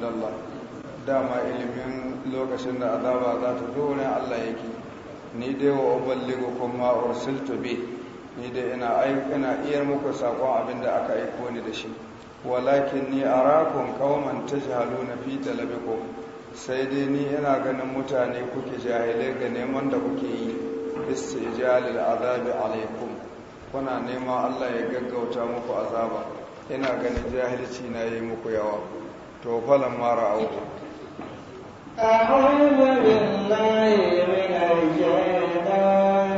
indallah dama ilimin lokacin da azaba za ta zo wurin Allah yake ni dai wa uballigu kuma ursiltu bi ni dai ina iya iyar muku sakon abin da aka aiko ni da shi walakin ni arakum halu na fi talabikum sai dai ni ina ganin mutane kuke jahilai ga neman da kuke yi istijalil azabi alaikum kuna nema Allah ya gaggauta muku azaba ina ganin jahilci na yi muku yawa توفل ما mara أعوذ بالله من الشيطان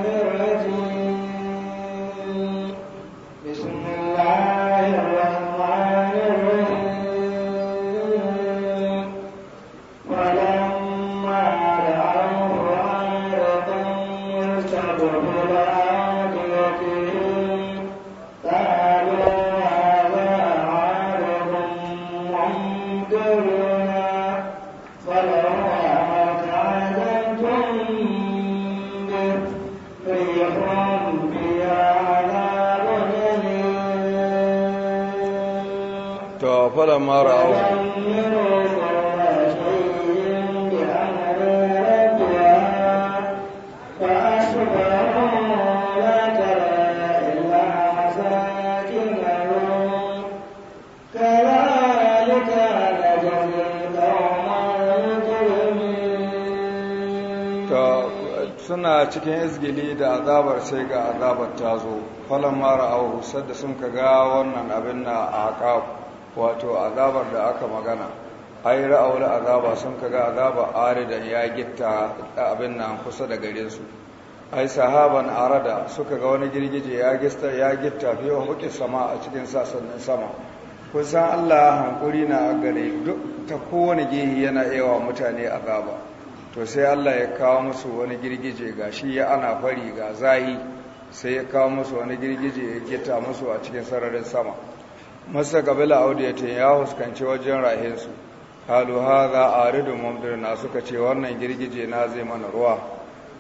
suna cikin izgili da azabar sai ga azabar ta zo falon mara auhu sadda sun ka ga wannan abin na a haƙafu wato azabar da aka magana ai ra'awul azaba sun kaga azaba aridan ya gitta abin nan kusa da gare su ai sahaban arada suka ga wani girgije ya gista ya gitta fi hukuki sama a cikin sassanin sama kusan Allah hankuri na gare duk ta kowane gihi yana yawa mutane azaba to sai Allah ya kawo musu wani girgije gashi ya ana fari ga zahi sai ya kawo musu wani girgije ya gitta musu a cikin sararin sama masa kabila audiyata ya huskanci wajen rahinsu halu haza aridu na suka ce wannan girgije na zai mana ruwa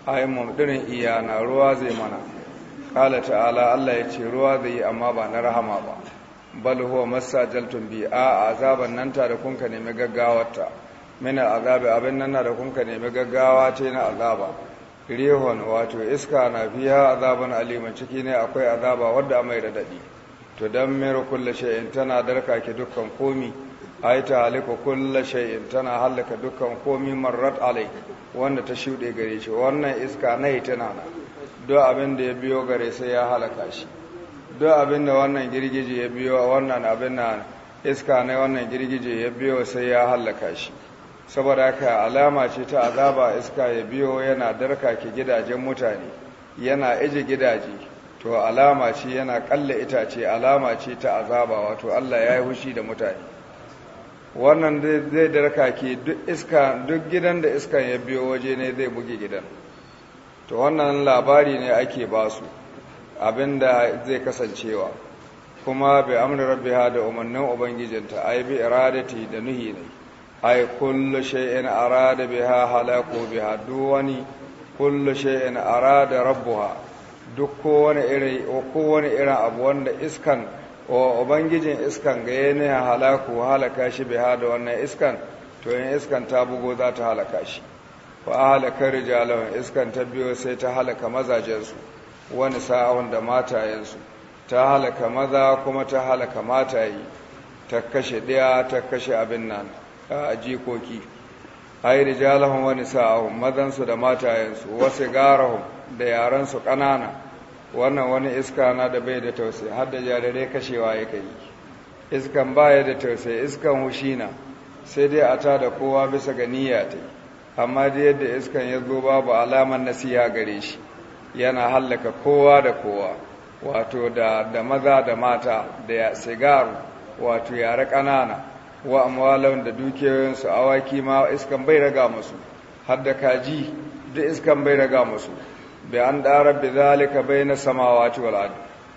A yi mamdirin iya na ruwa zai mana kala ta'ala Allah ya ce ruwa zai yi amma ba na rahama ba bal huwa jaltun bi a azaban nan ta da kunka nemi gaggawarta min azabi abin nan na da kunka nemi gaggawa ce na azaba Rehon, wato iska na fiya azaban aliman ciki ne akwai azaba wadda mai da daɗi to don mero kulle sha'in tana darka ke dukkan komi ai ta halika kulle sha'in tana halaka dukkan komi marar alai wanda ta shuɗe gare shi wannan iska nai tana nan duk abin da ya biyo gare sai ya halaka shi duk abin da wannan girgije ya biyo a wannan abin na iska ne wannan girgije ya biyo sai ya halaka shi saboda haka alama ce ta azaba iska ya biyo yana darka ke gidajen mutane yana ije gidaje to alama ce yana kalla itace alama ce ta azaba wato Allah ya yi hushi da mutane wannan zai darka ke duk gidan da iskan ya biyo waje ne zai buge gidan to wannan labari ne ake basu abinda zai kasancewa kuma bai amri ha da umarnin ubangijinta ai bi iradati da nuhi ne ai kullu ara da biha halaku ha duwani kullu ara rabbu ha duk kowane irin kowane irin abu wanda iskan o ubangijin iskan ga yana ya halaku halaka shi bai hada wannan iskan to yin iskan ta bugo za ta halaka shi fa halaka rijalan iskan ta biyo sai ta halaka mazajensu wani sa'awun da matayensu ta halaka maza kuma ta halaka mataye ta kashe ɗaya ta kashe abin nan a jikoki ai rijalahum wa nisa'ahum mazansu da matayensu wasu garahum da yaransu ƙanana wannan wani iska na da bai da tausayi har da jarirai kashewa ya kai iskan baya da tausayi iskan hushina sai dai a ta da kowa bisa ga niyya ta amma dai yadda iskan ya zo babu alamar nasiya gare shi yana hallaka kowa da kowa wato da da maza da mata da sigar wato yare ƙanana wa amwalan da dukiyoyinsu awaki ma iskan bai raga musu har da kaji duk iskan bai raga musu bi an dara bi zalika bayna samawati wal ard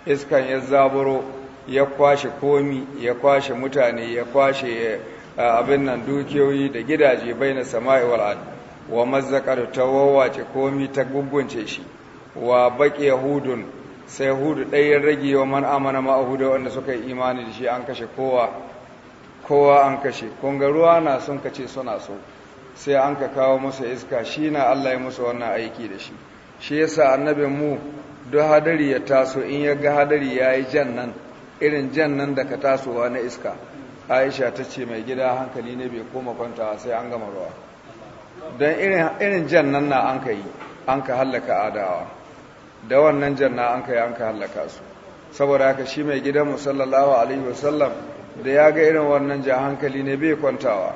iskan ya zaburo ya kwashe komi ya kwashe mutane ya kwashe eh, abin nan dukiyoyi da gidaje bayna sama'i wal ard wa ta tawawace komi ta gungunce shi wa baqi yahudun sai hudu ɗayan rage wa man amana ma'ahuda wanda suka yi imani da shi an kashe kowa kowa an kashe kunga ruwa na sun kace suna so sai an ka kawo musu iska shi na Allah ya musu wannan aiki da shi shi yasa annabin mu duk hadari ya taso in ya ga hadari ya yi jan nan irin jan nan da ka tasowa na iska aisha ta ce mai gida hankali ne bai koma kwantawa sai an gama ruwa don irin jan nan na an ka yi an ka hallaka adawa da wannan jan na an ka yi an ka hallaka su saboda haka shi mai gidanmu sallallahu alaihi wasallam da ya ga irin wannan jan hankali ne bai kwantawa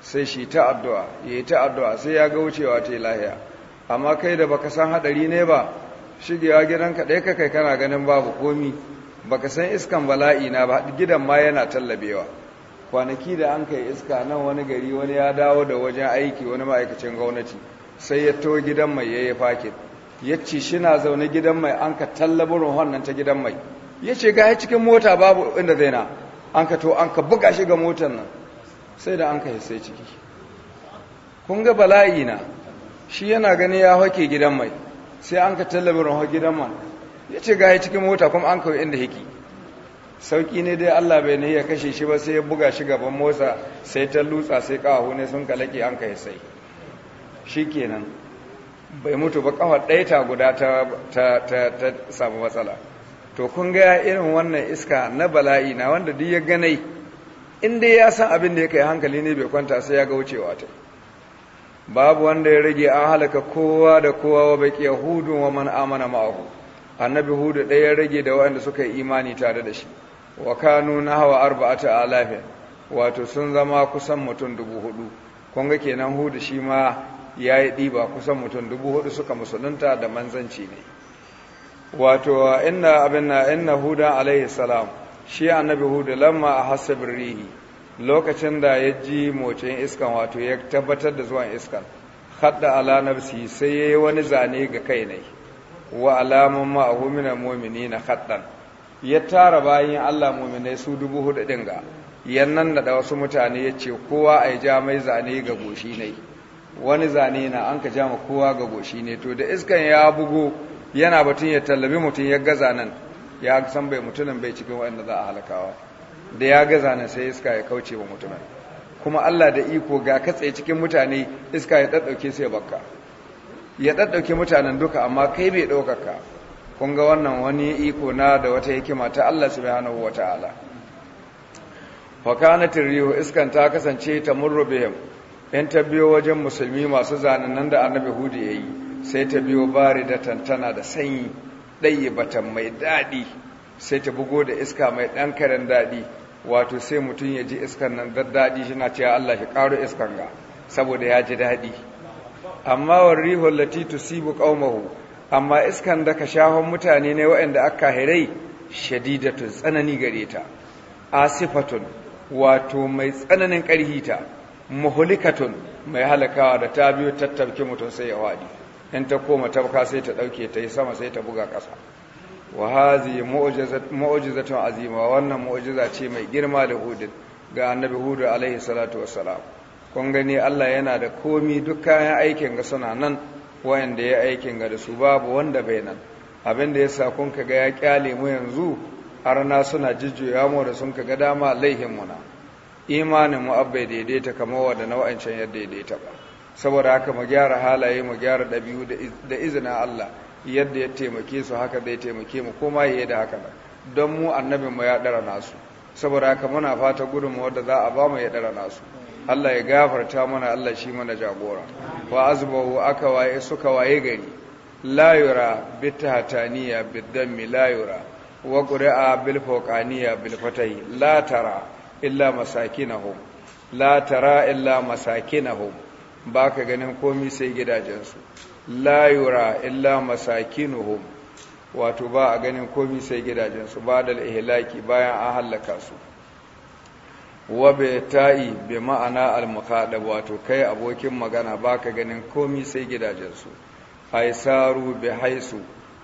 sai shi ta addu'a ya yi ta addu'a sai ya ga wucewa ta yi lahiya amma kai da baka san hadari ne ba shigewa gidan ɗaya ka kai kana ganin babu komi baka san iskan bala'i na ba gidan ma yana tallabewa kwanaki da an kai iska nan wani gari wani ya dawo da wajen aiki wani ma'aikacin gwamnati sai ya to gidan mai yayi fakin ya shi na zaune gidan mai an ka tallaburin wannan ta gidan mai ya ce ga ya cikin mota babu inda zai na an ka to an ka buga shi ga motar nan sai da an ka sai ciki kun ga bala'i na shi yana gani ya hauke gidan mai sai an ka tallabarin hake gidan man ya ce gaya cikin mota kuma an kawai inda hiki sauki ne dai allah bai ne ya kashe shi ba sai ya buga shi gaban motsa sai ta lutsa sai kawo ne sun kalake an kai sai shi kenan bai mutu ba kawar ɗaya ta guda ta samu matsala to kun ga irin wannan iska na bala'i na wanda duk ya ganai in dai ya san abin da ya kai hankali ne bai kwanta sai ya ga wucewa ta babu wanda ya rage an halaka kowa da kowa wa baki yahudun wa man amana ma'ahu annabi hudu ɗaya ya rage da waɗanda suka yi imani tare da shi wa kanu nahwa arba'ata alafin wato sun zama kusan mutum dubu hudu kun ga kenan hudu shi ma ya yi ɗiba kusan mutum dubu hudu suka musulunta da manzanci ne wato inna abin na inna hudan alaihi salam shi annabi hudu lamma a hasabin rihi lokacin da ya ji motsin iskan wato ya tabbatar da zuwan iskan hadda ala nafsi sai ya yi wani zane ga kai ne wa alamun ma'ahumina na haddan ya tara bayan allah mominai su dubu hudu din ga yannan da wasu mutane ya ce kowa a yi ja mai zane ga goshi ne wani zane na an ka jama kowa ga goshi ne to da iskan ya bugu yana batun ya tallabi mutum ya gaza nan ya san bai mutumin bai cikin waɗanda za a halakawa da ya gaza na sai iska ya kauce wa mutumin kuma Allah da iko ga katse cikin mutane iska ya daddauke sai bakka ya daddauke mutanen duka amma kai bai ɗaukaka kun wannan wani iko na da wata hikima ta Allah subhanahu wataala fa kanat rihu iskan ta kasance ta bihim in ta biyo wajen musulmi masu zanen nan da annabi hudu ya yi sai ta biyo bari da tantana da sanyi ɗaye batan mai daɗi sai ta bugo da iska mai ɗan karen daɗi wato sai mutum ya ji iskan nan daɗi shi na cewa Allah shi karo iskan ga saboda ya ji daɗi amma wa rihul lati tusibu qaumahu amma iskan da ka shahon mutane ne waɗanda aka hirai shadidatu tsanani gare ta asifatun wato mai tsananin ƙarhi ta muhulikatun mai halakawa da ta biyo tattabke mutum sai ya wadi in ta koma tabka sai ta ɗauke ta yi sama sai ta buga ƙasa wa hazi mu'jizatun azima wannan mu'jiza ce mai girma da hudud ga annabi hudu alaihi salatu wassalam kun gani Allah yana da komi duk kayan aikin ga suna nan wayanda ya aikin ga da su babu wanda bai nan abin da yasa kun kaga ya kyale mu yanzu har na suna jijjuya mu da sun kaga dama laihin mu na imanin mu abbai daidaita kamar wanda nau'ancan ya daidaita ba saboda haka mu gyara halaye mu gyara dabi'u da izinin Allah yadda ya taimake su haka zai taimake mu koma ya da haka nan don mu annabinmu ya ɗara nasu saboda haka muna fata gudunmu wadda za a ba mu ya ɗara nasu Allah ya gafarta mana Allah shi mana jagora wa azbahu aka waye suka waye gani. la yura bitahtaniya bidammi la yura wa qura'a bil fawqaniya bil fatahi la tara illa masakinahum la tara illa masakinahum baka ganin komai sai gidajensu Layura yura illa masakinuhum wato ba a ganin komi sai gidajensu ba da ihlaki bayan an halaka su wa bi ta'i bi ma'ana al muqadab wato kai abokin magana baka ganin komi sai gidajensu aisaru bi haisu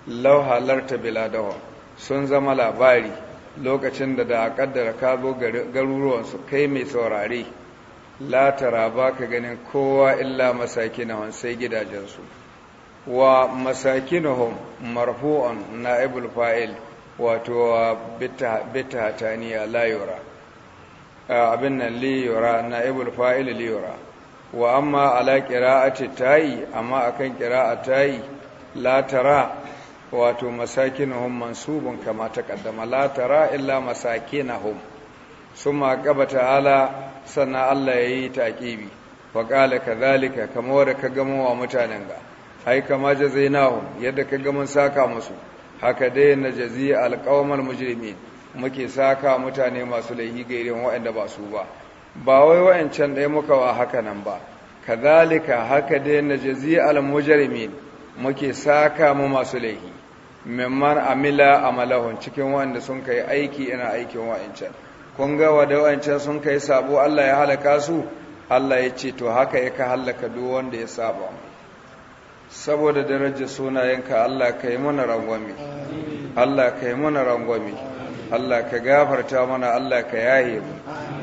law halarta biladahum sun zama labari lokacin da da kaddara ka zo garuruwansu kai mai saurare latara baka ganin kowa illa masakinawan sai gidajensu wa masakinuhum marfu'un na'ibul fa'il wato bita taniya layura abin nan liyura na'ibul fa'il liyura wa amma ala qira'ati tayi amma akan qira'a tayi la tara wato masakinuhum mansubun kama taqaddama la tara illa masakinahum summa qaba ta'ala sannan Allah yayi taqibi wa qala kadhalika kama wa ka gamo wa mutanen ga ai kama jazainahum yadda ka mun saka masu haka dai najazi alqawmal mujrimin muke saka mutane masu laifi gairin waɗanda ba su ba ba wai wayancan ɗaya muka wa haka nan ba kazalika haka dai najazi almujrimin muke saka mu masu laifi memman amila amalahun cikin waɗanda sun kai aiki ina aikin wayancan kun ga wa da wa'ancan sun kai sabo Allah ya halaka su Allah ya ce to haka ya ka halaka duk wanda ya saba mu saboda darajar sunayenka Allah ka yi mana rangwami. Allah ka yi mana rangwami. Allah ka gafarta mana Allah ka yaye mu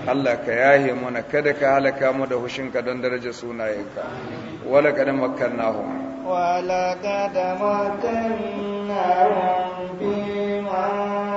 Allah ka yahe mana kada ka halaka mu da hushinka don darajar sunayenka wala kada hu wala kada hu bi ma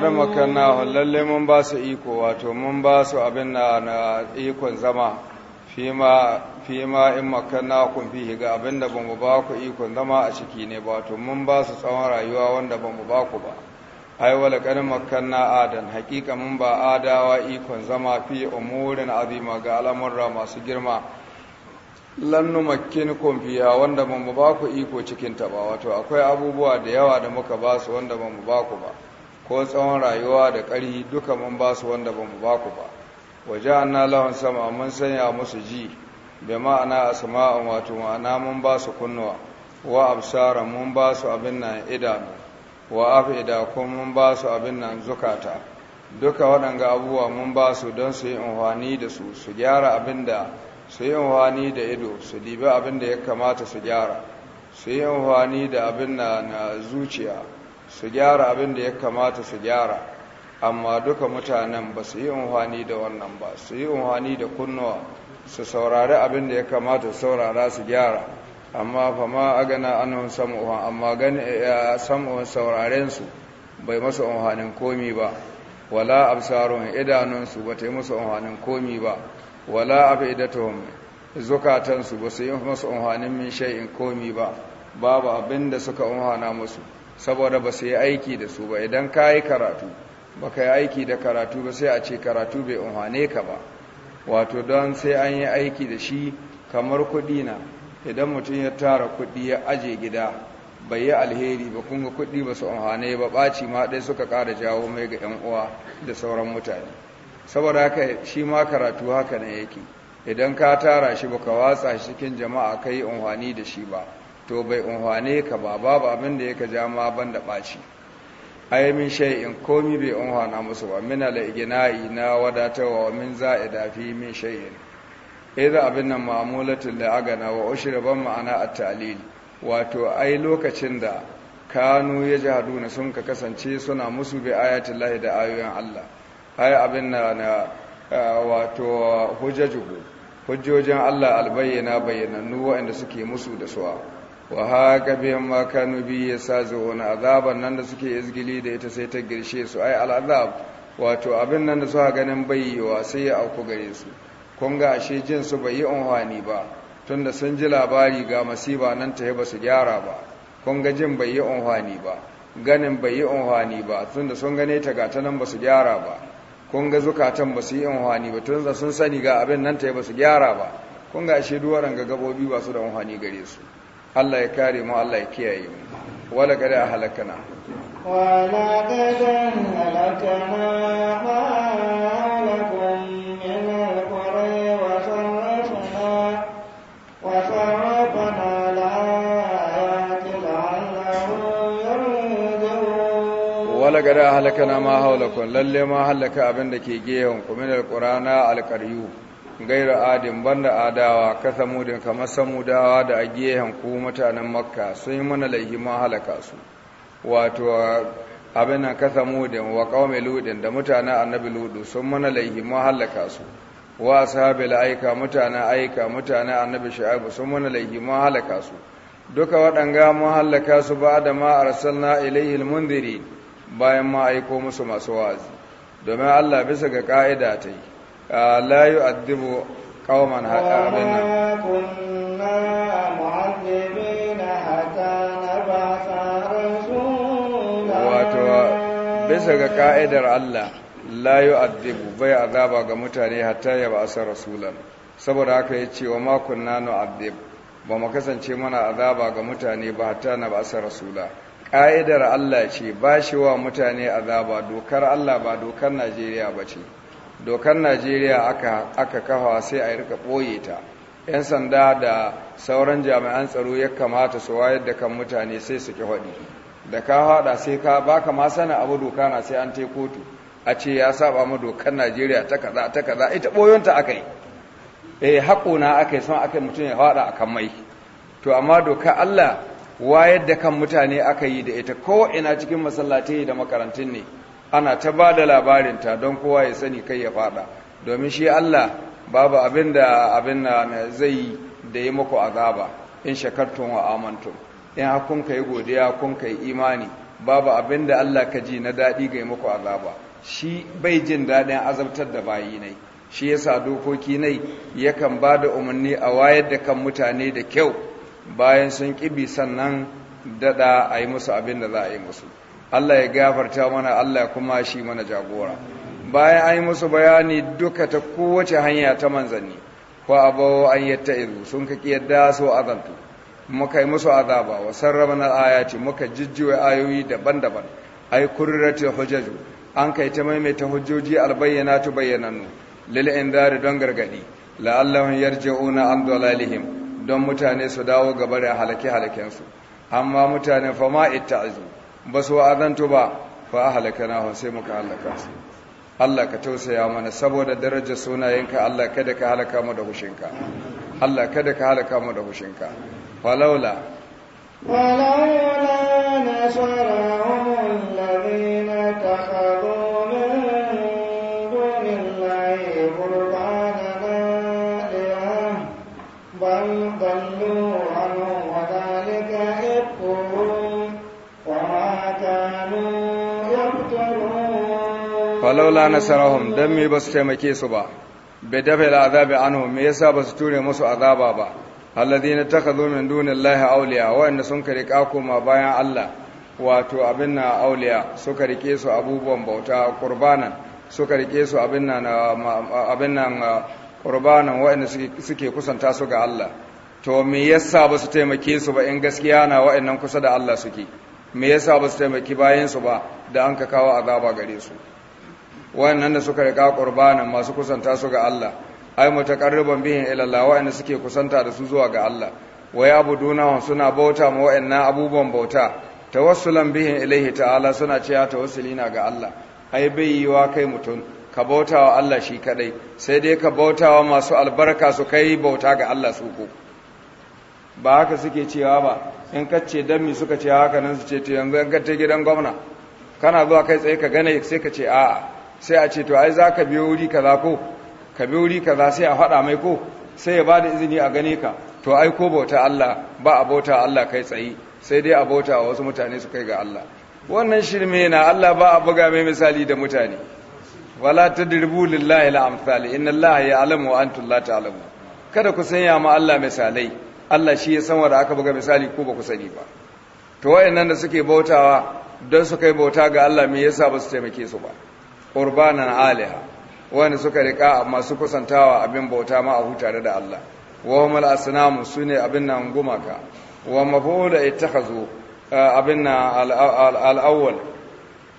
laƙar makanna lalle mun ba su iko wato mun ba su abin na na ikon zama fi ma in makanna kun fi ga abin da mu ba ku ikon zama a ciki ne ba to mun ba su tsawon rayuwa wanda ban mu ba ku ba ai wala kan makanna adan hakika mun ba adawa ikon zama fi umurin azima ga al'amurra masu girma lannu makin kumfiya wanda ban mu ba ku iko cikin ta ba wato akwai abubuwa da yawa da muka ba su wanda ban mu ba ku ba ko tsawon rayuwa da ƙarhi duka mun ba su wanda ba mu ba ku ba waje na lahun sama mun sanya musu ji bai ma'ana asma'an wato ma'ana mun ba su kunnuwa wa absara mun ba su abin nan idanu wa afida ko mun ba su abin nan zukata duka waɗanga abubuwa mun ba su don su yi unhwani da su su gyara abin da su yi unhwani da ido su dibi abin da ya kamata su gyara su yi unhwani da abin na zuciya su gyara abin da ya kamata su gyara amma duka mutanen ba su yi unhani da wannan ba su yi unhani da kunnuwa su saurari abin da ya kamata su saurara su gyara amma fa ma agana anhum sam'uhum amma gani sam'uhum sauraren su bai masa unhanin komi ba wala absarun idanunsu ba ta yi masa unhanin komi ba wala afidatuhum zukatansu ba su yi musu unhanin min shay'in komi ba babu abin da suka unhana musu saboda ba su yi aiki da su ba idan ka yi karatu ba ka yi aiki da karatu ba sai a ce karatu bai umarne ka ba wato don sai an yi aiki da shi kamar kudi na idan mutum ya tara kudi ya aje gida bai yi alheri ba kunga kudi ba su umarne ba ɓaci ma ɗai suka ƙara jawo mai ga 'yan uwa da sauran mutane saboda haka shi ma karatu haka na yake idan ka tara shi ba ka watsa shi cikin jama'a ka yi umarni da shi ba to bai unhwane ka ba babu abin da yake ja ma ban da ɓaci ai min in komi bai unhwana musu ba min al iginai na wadatawa wa min za'ida dafi min shay'in idan abin nan da a gana wa ban ma'ana a talil wato ai lokacin da kanu ya na sun ka kasance suna musu bi ayatin lahi da ayoyin Allah ai abin na na wato hujjojin Allah albayyana bayyanannu waɗanda suke musu da suwa wa haka biyan ma kanu bi ya sa zuwa azaban nan da suke izgili da ita sai ta girshe su ai al'azab wato abin nan da suka ganin wa sai ya auku gare su kun ga ashe jin su bai yi unhwani ba tunda sun ji labari ga masiba nan ta ba su gyara ba kun ga jin bai yi unhwani ba ganin bai yi unhwani ba tunda sun gane ta gata nan ba su gyara ba kun ga zukatan ba su yi unhwani ba tunda sun sani ga abin nan ta ba su gyara ba kun ga ashe duwaran ga gabobi ba su da unhwani gare su Allah ya kare mu Allah ya kiyaye mu wala gari a halakana wala gadan halakana malakum min alqura wa sarrafna wa sarrafna la ayati la'allahum yarjun wala gari a halakana ma hawlakum lalle ma halaka abin da ke gehen ku min na alqariyu gaira adin banda adawa ka samudin kamar samudawa da a gehen ku mutanen makka sun yi mana laihi ma halaka su wato abin nan ka samudin wa kawai ludin da mutanen annabi ludu sun mana laihi ma halaka su wa sahabi la'aika mutanen aika mutanen annabi shu'aibu sun mana laihi ma halaka su duka waɗanga mun halaka su ba da ma arsalna ilayhi almundiri bayan ma aiko musu masu wazi, domin Allah bisa ga ka'ida ta yi la yu'adhibu qauman hatta wato bisa ga ka'idar Allah la yu'adhibu bai azaba ga mutane hatta ya ba a ba'asa rasulan saboda haka ya ce, wa ma kunna nu'adhib ba mu kasance mana azaba ga mutane ba hatta na ba a ba'asa rasula ka'idar Allah ce ba shi wa mutane azaba dokar Allah ba dokar Najeriya ba ce dokar najeriya aka kafa sai a rika ɓoye ta 'yan sanda da sauran jami'an tsaro ya kamata su wayar da kan mutane sai su ki haɗi da ka haɗa sai ka baka ma sana abu doka na sai an tai kotu a ce ya saba ma dokar najeriya ta kaza ta kaza ita ɓoyonta aka yi eh haƙona aka yi son aka yi mutum ya haɗa a kan mai to amma doka allah wayar da kan mutane aka yi da ita ko ina cikin masallatai da makarantun ne ana ta ba da labarinta don kowa ya sani kai ya fada domin shi Allah babu abin da abin na zai da yi muku azaba in shakartun wa amantum in hakun kai godiya kun kai imani babu abin da Allah ka ji na daɗi ga muku azaba shi bai jin daɗin azabtar da bayi ne shi ya sa dokoki ne yakan ba da umarni a wayar da kan mutane da kyau bayan sun ƙibi sannan daɗa a yi musu abin da za a yi musu Allah ya gafarta mana Allah kuma shi mana jagora bayan an yi musu bayani duka ta kowace hanya ta manzanni ko abawo an iru, sun kaki yadda so azantu muka yi musu azaba wa na ayati muka jijjiwa ayoyi daban-daban ai kurrati hujaju an kai ta maimaita hujjoji albayyanatu bayyananu lil indari don gargadi allahu yarji'una an dalalihim don mutane su dawo gaba da halake halaken su. amma mutane fa ma ba su wa'azantu ba fa ahlakana sai muka halaka su Allah ka tausaya mana saboda darajar sunayenka Allah kada ka halaka mu da hushinka Allah kada ka halaka mu da hushinka falaula walaula nasara laula nasarahum dan me ba su taimake su ba bai dafa azabi anhu me yasa ba su ture musu azaba ba alladhina takhadhu min dunillahi awliya wa'anda sun kare kako ma bayan Allah wato abin na awliya suka rike su abubuwan bauta qurbanan suka rike su abin na abin nan uh, qurbanan wa'anda suke kusanta su ga Allah to me yasa ba su taimake su ba in gaskiya na wa'annan kusa da Allah suke me yasa ba su taimaki bayan su ba da an ka kawo azaba gare su wayannan da suka rika qurbana masu kusanta su ga Allah ai mutaqarriban bihin ila Allah suke kusanta da su zuwa ga Allah abu abuduna suna bauta ma wayannan abubuwan bauta tawassulan bihin ilaihi ta'ala suna cewa tawassulina ga Allah ai bai yiwa kai mutum ka bauta wa Allah shi kadai sai dai ka bauta wa masu albarka su kai bauta ga Allah su ko ba haka suke cewa ba in ka ce dan mi suka ce haka nan su ce to yanzu in ta gidan gwamna kana zuwa kai tsaye ka gane sai ka ce a'a sai a ce to ai za ka biyo wuri kaza ko ka biyo wuri kaza sai a faɗa mai ko sai ya ba da izini a gane ka to ai ko bauta Allah ba a bauta Allah kai tsaye sai dai a bauta wasu mutane su kai ga Allah wannan shirme na Allah ba a buga mai misali da mutane wala tadribu lillahi al-amsal inna Allah ya'lamu wa antum la ta'lamu kada ku sanya ma Allah misalai Allah shi ya san wanda aka buga misali ko ba ku sani ba to wayannan da suke bautawa don su kai bauta ga Allah me yasa ba su taimake su ba qurbanan aliha wani suka rika masu kusantawa abin bauta ma abu tare da Allah wa humal asnamu sune abin nan gumaka wa mafula ittakhazu abin nan al-awwal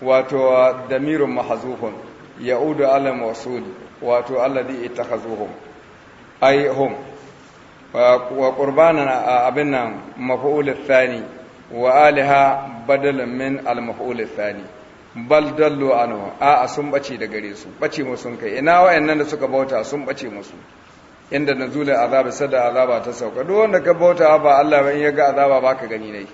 wato damirun mahzufun ya'udu ala mawsul wato alladhi ittakhazuhum ay hum wa qurbanan abin nan maf'ul athani wa aliha badalan min al-maf'ul athani bal dallu anhu a sun bace da gare su bace mu sun kai ina wayannan da suka bauta sun bace musu inda nazula azab sada azaba ta sauka duk wanda ka bauta ba Allah ba in ya ga azaba baka gani ne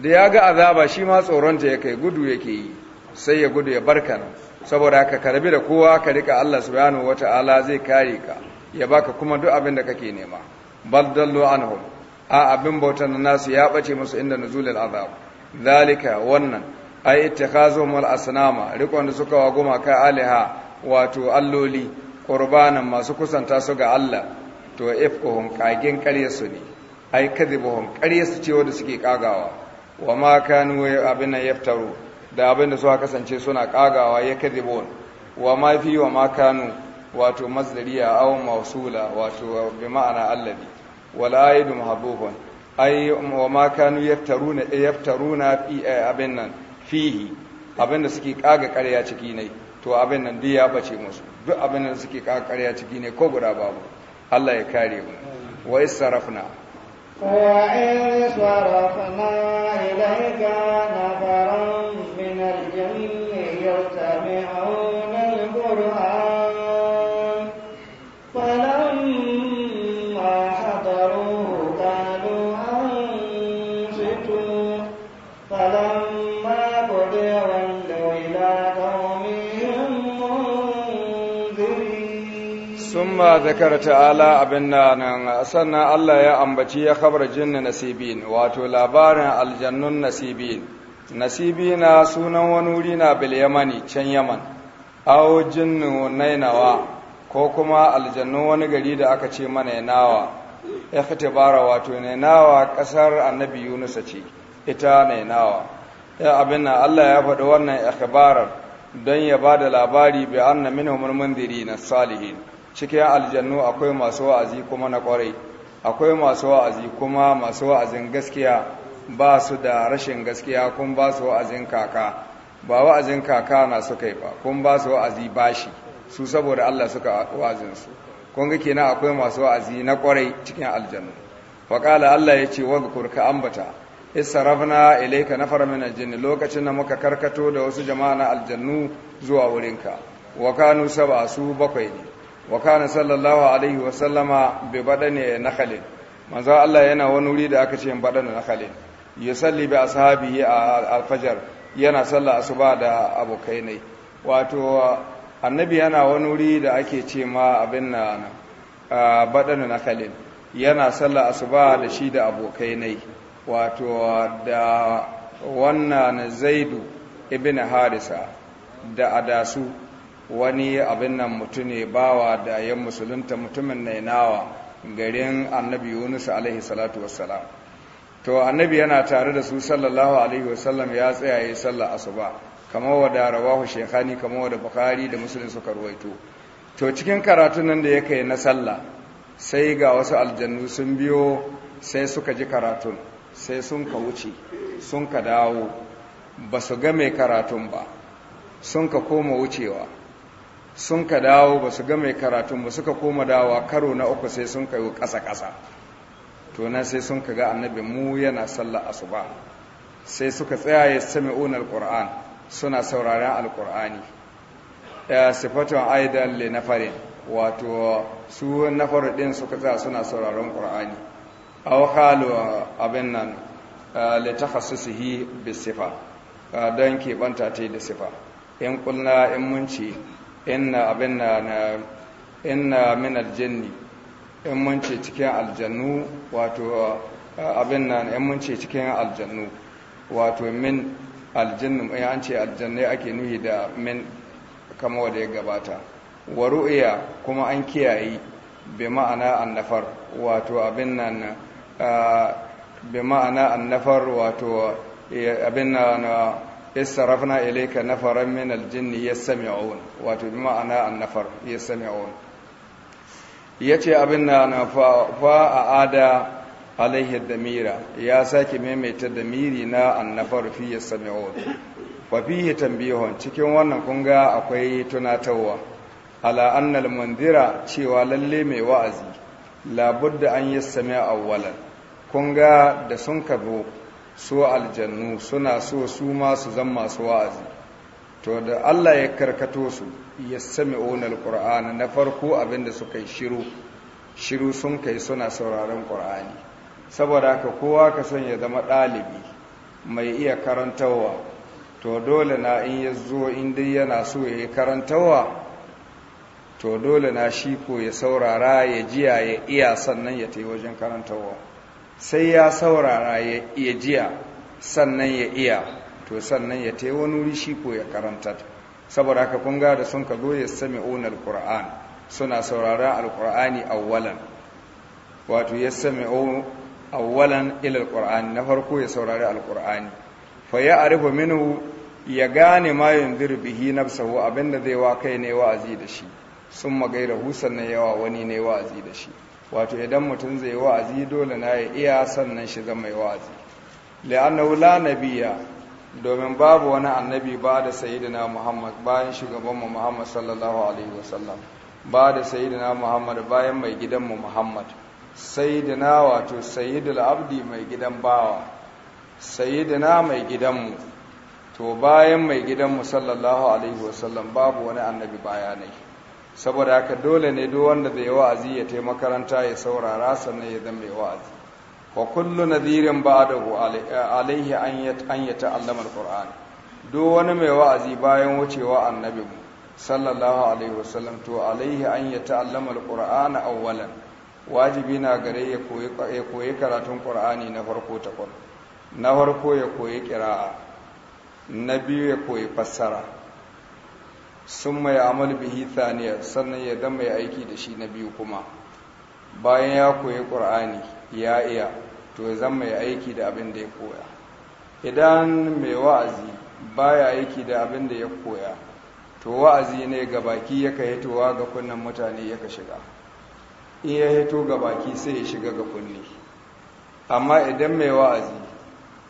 da ya ga azaba shi ma tsoron ya kai gudu yake yi sai ya gudu ya barka nan saboda haka karbi da kowa ka rika Allah subhanahu wata'ala zai kare ka ya baka kuma duk abin da kake nema bal dallu anhum a abin bautan nasu ya bace musu inda nuzulul azab zalika wannan ai ittakhazum al asnama rikon da suka wa kai aliha wato alloli qurbanan masu kusanta su ga Allah to ifkuhum kagin ƙarya su ne ai kadibuhum ƙarya su ce wanda suke kagawa wa ma kanu abin yaftaru da abin da suka kasance suna kagawa ya kadibun wa ma fi wa ma kanu wato mazdariya aw mawsula wato bi ma'ana allabi wala aidu mahbubun ai wa ma kanu yaftaruna yaftaruna fi eh, abin nan fihi abin da suke kaga ƙarya ciki ne to abin nan duk ya bace musu duk abin da suke kaga ƙarya ciki ne ko guda babu Allah ya kare mu wa sarafna وإن صرفنا إليك نفرا من الجن يرتدون sun ma zakara ta'ala abin nan sannan Allah ya ambaci ya khabar jinni nasibin wato labarin aljannun nasibin nasibina sunan wani wuri na bil can yaman aw jinnu nainawa ko kuma aljannun wani gari da aka ce mana nawa ikhtibara wato nainawa kasar annabi Yunus ce ita nainawa abin nan Allah ya faɗi wannan ikhbarar don ya ba da labari bi anna minhum na salihin cikin aljannu akwai masu wa'azi kuma na ƙwarai. akwai masu wa'azi kuma masu wa'azin gaskiya ba su da rashin gaskiya kun ba su wa'azin kaka ba wa'azin kaka na suka yi ba kun ba su wa'azi bashi su saboda Allah suka wa'azinsu kun ga kina akwai masu wa'azi na ƙwarai cikin aljannu waƙala Allah ya ce wadhkur kurka ambata israfna ilayka nafar min aljinn lokacin da muka karkato da wasu jama'a na aljannu zuwa wurinka wa kanu sab'a su bakwai ne wa kana sallallahu alaihi wa sallama bi badani nakhalin manzo Allah yana wani wuri da aka ce badani nakhalin yusalli bi ashabihi al-fajr yana salla asuba da abokai ne wato annabi yana wani wuri da ake ce ma abin na badani nakhalin yana salla asuba da shi da abokai ne wato da wannan zaidu ibn harisa da adasu wani abin nan mutum ne bawa da yan musulunta mutumin nawa garin annabi yunus alaihi salatu wassalam to annabi yana tare da su sallallahu alaihi wasallam ya tsaya ya sallar asuba kamar wada rawahu shekhani kamar wada bukhari da musulun suka ruwaito to cikin karatun nan da ya kai na sallah sai ga wasu aljannu sun biyo sai suka ji karatun sai sun ka wuce sun ka dawo ba su ga mai karatun ba sun ka koma wucewa sun ka dawo ba su ga mai karatun ba suka koma dawa karo na uku sai sun kayo ƙasa-ƙasa to nan sai sun ka ga annabi mu yana sallar ba. sai suka tsaya ya sami unar ƙur'an suna sauraren ya sifatun aidan le farin, wato su nafar ɗin suka tsaya suna sauraren ƙur'ani a wakalu abin nan le ta su hasusuhi sifa, don keɓanta ta da sifa in ƙulna in munci inna abinna na inna min aljanni in mun ce cikin aljannu wato uh, abinna in mun ce cikin aljannu wato min aljannu in an ce aljanne ake nuhi da min kama wanda ya gabata wa ru'ya kuma an kiyaye bi ma'ana annafar wato abinna na uh, bi ma'ana annafar wato eh, abinna na. istarafna ilayka nafaran min aljin yastami'un wato bi ma'ana an-nafar yace abin na fa aada alaihi damira ya sake maimaita damiri na annafar fi yastami'un wa fihi tanbihun cikin wannan kunga akwai tunatarwa ala annal mundira cewa lalle mai wa'azi labudda an yastami' awwalan kunga da sun kabo su aljannu suna so su ma su zan masu wa'azi to da Allah ya karkato su ya sami onar ƙur'ani na farko abinda suka yi shiru shiru sun kai suna sauraron ƙur'ani saboda haka kowa ka son ya zama ɗalibi mai iya karantawa, to dole na in ya zo in yana so ya yi karantarwa to dole na shi ko ya saurara ya jiya ya iya sannan ya ta yi wajen karantawa. sai ya saurara ya jiya sannan ya iya to sannan ya te wani wuri shi ko ya karanta saboda haka kun ga da sun ka zo ya sami onar ƙura'an suna saurara alƙura'ani awwalan wato ya sami awwalan ilal ƙura'ani na farko ya saurari alkur'ani fa ya arifa minhu ya gane ma yanzu bihi nafsahu abinda zai wa kai ne wa'azi da shi sun magaira hu sannan yawa wani ne wa'azi da shi wato idan mutum zai wa'azi dole na ya iya sannan shi zama mai wa'azi la'annahu la nabiyya domin babu wani annabi ba da sayyidina muhammad bayan mu muhammad sallallahu alaihi wasallam ba da sayyidina muhammad bayan mai gidanmu muhammad sayyidina wato sayyidul abdi mai gidan bawa sayyidina mai gidanmu to bayan mai gidanmu sallallahu alaihi wasallam babu wani annabi bayanai saboda haka dole ne duk wanda bai wa'azi ya tai makaranta ya saurara sannan ya zama mai wa'azi wa kullu nadhirin ba'dahu alaihi an yata'allama alquran duk wani mai wa'azi bayan wucewa annabi sallallahu alaihi wasallam to alaihi an yata'allama alquran awwalan wajibi na gare ya koyi ya koyi karatun qur'ani na farko ta na farko ya koyi qira'a na biyu ya koyi fassara sun mai amal bihi thaniya sannan ya dan mai aiki da shi na biyu kuma bayan ya koyi ƙur'ani ya iya to ya zan mai aiki da abin da ya koya idan mai wa'azi baya aiki da abin da ya koya to wa'azi ne ga baki ya ka hitowa ga kunnen mutane ya ka shiga in ya hito ga baki sai ya shiga ga kunne amma idan mai wa'azi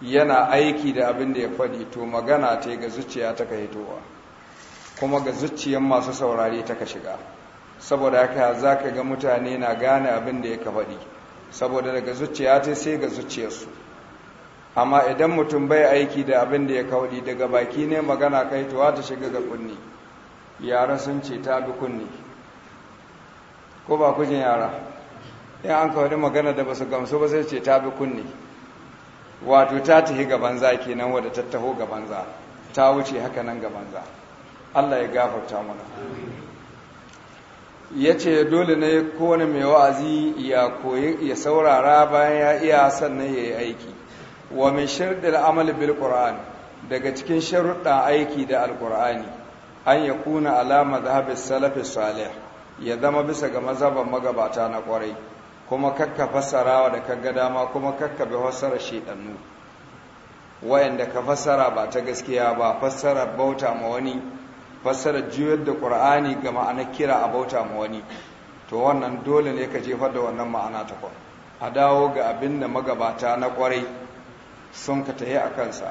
yana aiki da abin da ya faɗi to magana ta ga zuciya ta ka hitowa kuma ga zuciyar masu saurare ta ka shiga saboda haka za ka ga mutane na gane abin da ya ka faɗi saboda daga zuciya ta sai ga zuciyarsu amma idan mutum bai aiki da abin da ya kawaɗi daga baki ne magana kaituwa ta shiga ga kunni yara sun ce ta bi kunni ko ba kujin yara in an kawaɗi magana da ba su gamsu ba sai ce ta bi kunni wato ta tafi gaban za kenan wadda taho gaban za ta wuce haka nan gaban za Allah ya gafarta mana ya ce dole ne kowane mai wa'azi ya koyi ya saurara bayan ya iya sannan ya yi aiki wa mai shirdil amal bil qur'an daga cikin sharuɗan aiki da Alkur'ani, an ya kuna alama zahabin salafi salih ya zama bisa ga mazabar magabata na kwarai kuma kakka fassarawa da kaga dama kuma kakka bi fassara shedannu wayanda ka fassara ba ta gaskiya ba fassara bauta ma wani fassarar juyar da ƙur'ani ga ma'anar kira a bauta ma wani to wannan dole ne ka jefar da wannan ma'ana ta kwa a dawo ga abin da magabata na ƙwarai sun ka tahi a kansa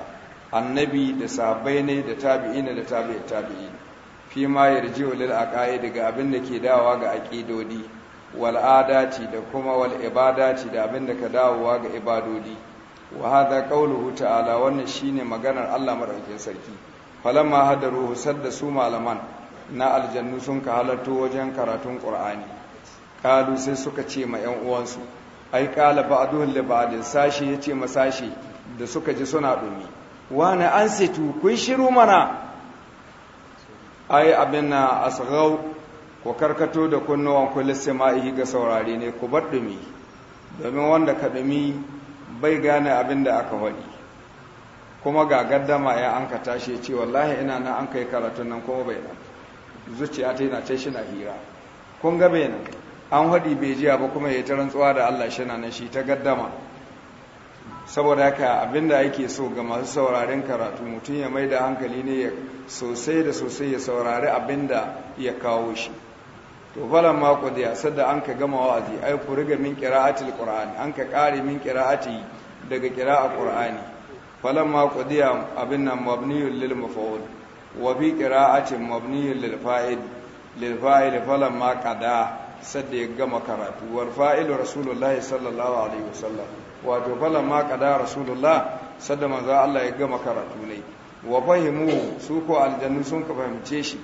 annabi da sabai ne da tabi'i ne da tabi'i tabi'i fi ma yarji'u lil daga abin da ke dawowa ga aƙidodi, wal da kuma wal da abin da ka dawowa ga ibadodi wa hadha qawluhu ta'ala wannan shine maganar Allah madaukakin sarki falamma hadaruhu da su malaman na aljannu sun ka halatto wajen karatun ƙur'ani kalu sai suka ce ma yan uwansu ai kala a duhun labarin sashi ce ma sashi da suka ji suna ɗumi. wani an situ kun shiru mana ai abin na asghau ku karkato da kunnuwan kullu sama'i ga saurari ne ku bar ɗumi, domin wanda ka ɗumi bai gane abin da aka faɗi kuma ga gaddama ya an ka tashi ce wallahi ina na an kai karatun nan kuma bai nan zuciya ta yana ce shina hira kun ga bai nan an haɗi bai jiya ba kuma ya yi rantsuwa da Allah shina nan shi ta gaddama saboda haka da ake so ga masu sauraren karatu mutum ya mai da hankali ne sosai da sosai ya saurari abin da ya kawo shi to falon mako da yasar da an ka gama wa'azi ai ku riga min qira'atil qur'ani an ka kare min qira'ati daga qira'a qur'ani فلما qudiya abin nan mabniyun lil maf'ul wa bi للفاعل mabniyun lil fa'il lil fa'il falamma qada sadda ya gama karatu wal fa'il rasulullahi sallallahu alaihi wasallam wato falamma qada rasulullah sadda manzo Allah ya gama karatu ne wa fahimu su ko aljannu sun fahimce shi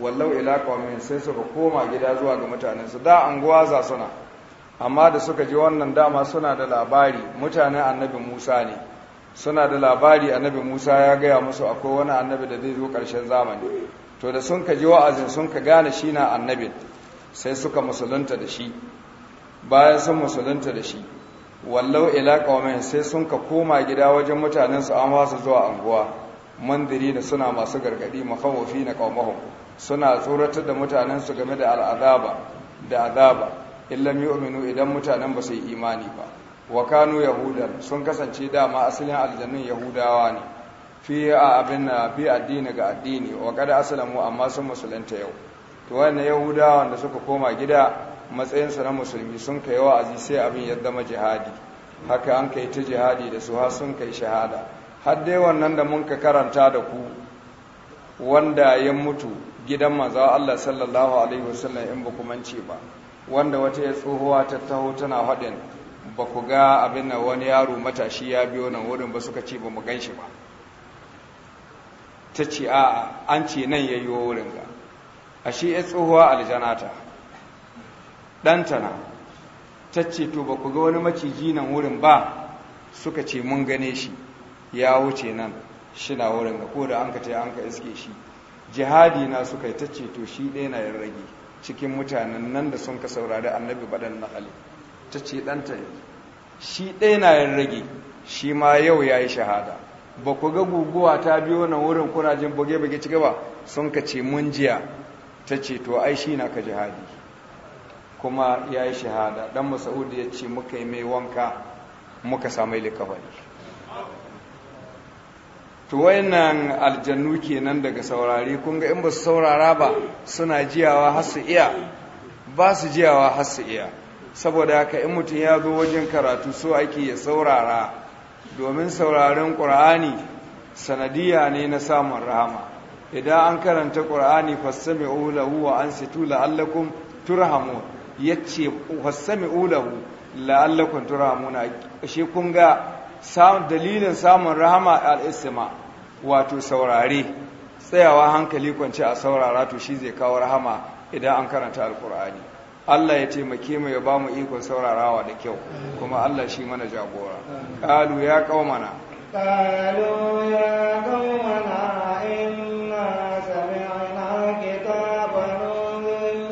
wallau ila qaumin sai suka koma gida zuwa ga mutanensu da anguwa za suna amma da suka ji wannan dama suna da labari mutanen annabi Musa ne suna da labari annabi Musa ya gaya musu akwai wani annabi da zai zo karshen zamani to da sun ka ji wa'azin sun ka gane shi na annabin sai suka musulunta da shi bayan sun musulunta da shi wallau ila qaumin sai sun ka koma gida wajen mutanen su an wasu zuwa anguwa mandiri da suna masu gargadi makawafi na qaumahum suna tsoratar da mutanen su game da al'azaba da azaba illam yu'minu idan mutanen ba su yi imani ba wa yahudan sun kasance dama asalin aljannun yahudawa ne fi a abin na bi addini ga addini wa kada asalamu amma sun musulunta yau to wannan yahudawan da suka koma gida matsayinsu na musulmi sun kai wa'azi sai abin ya zama jihadi haka an kai ta jihadi da su sun kai shahada har dai wannan da mun ka karanta da ku wanda ya mutu gidan manzo Allah sallallahu alaihi wasallam in ba ku ba wanda wata ya tsohuwa ta taho tana haɗin ba ku ga abin nan wani yaro matashi ya biyo nan wurin ba suka ce ba mu gan shi ba ta ce a an ce nan ya yi wa wurin ga a shi ya tsohuwa aljanata ɗanta na ta ce to ba ku ga wani maciji nan wurin ba suka ce mun gane shi ya wuce nan shi na wurin ga ko da an ka ce an ka iske shi jihadi na suka yi ta ce to shi ɗaya na yin rage cikin mutanen nan da sun ka saurari annabi baɗan na ali ta ce ɗanta shi ɗaya na yin rage shi ma yau ya yi shahada ba ku ga guguwa ta biyo na wurin kuna jin buge-buge ci gaba sun ka ce mun jiya ta ce to ai shi na ka jihadi kuma ya yi shahada ɗan masaudi ya ce muka yi mai wanka muka samu likafari to wayannan aljannu nan daga saurare kun ga in ba su saurara ba suna jiyawa har su iya ba su jiyawa har iya saboda haka in mutum ya zo wajen karatu so ake ya saurara domin sauraren ƙur'ani sanadiyya ne na samun rahama idan an karanta ƙur'ani fassami ulahu wa an situ la'allakum ya ce fassami ulahu la'allakum turhamuna shi kun ga dalilin samun rahama al-isma wato saurare tsayawa hankali kwance a saurara to shi zai kawo rahama idan an karanta alƙur'ani Allah ya taimake mu ya ba mu ikon saurarawa da kyau kuma Allah shi mana jagora qalu ya qaumana qalu ya qaumana inna sami'na kitaban